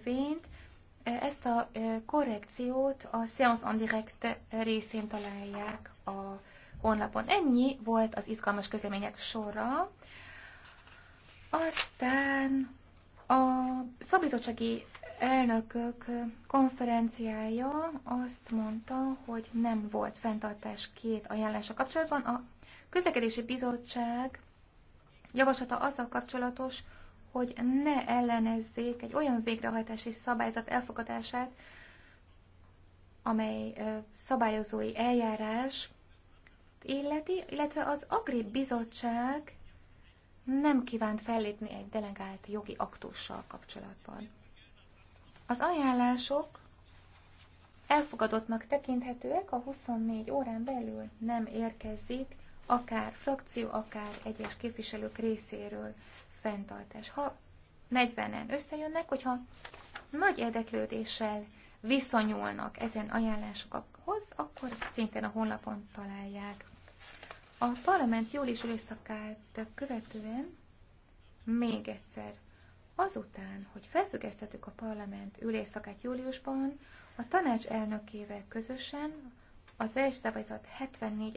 törvényt, ezt a korrekciót a Seance on Direct részén találják a honlapon. Ennyi volt az izgalmas közlemények sora. Aztán a szabizottsági elnökök konferenciája azt mondta, hogy nem volt fenntartás két ajánlása kapcsolatban. A közlekedési bizottság javaslata azzal kapcsolatos, hogy ne ellenezzék egy olyan végrehajtási szabályzat elfogadását, amely szabályozói eljárás illeti, illetve az Agri Bizottság nem kívánt fellépni egy delegált jogi aktussal kapcsolatban. Az ajánlások elfogadottnak tekinthetőek, a 24 órán belül nem érkezik akár frakció, akár egyes képviselők részéről fenntartás. Ha 40-en összejönnek, hogyha nagy érdeklődéssel viszonyulnak ezen ajánlásokhoz, akkor szintén a honlapon találják. A parlament jól is időszakát követően még egyszer Azután, hogy felfüggesztettük a parlament ülésszakát júliusban, a tanács elnökével közösen az első szabályzat 74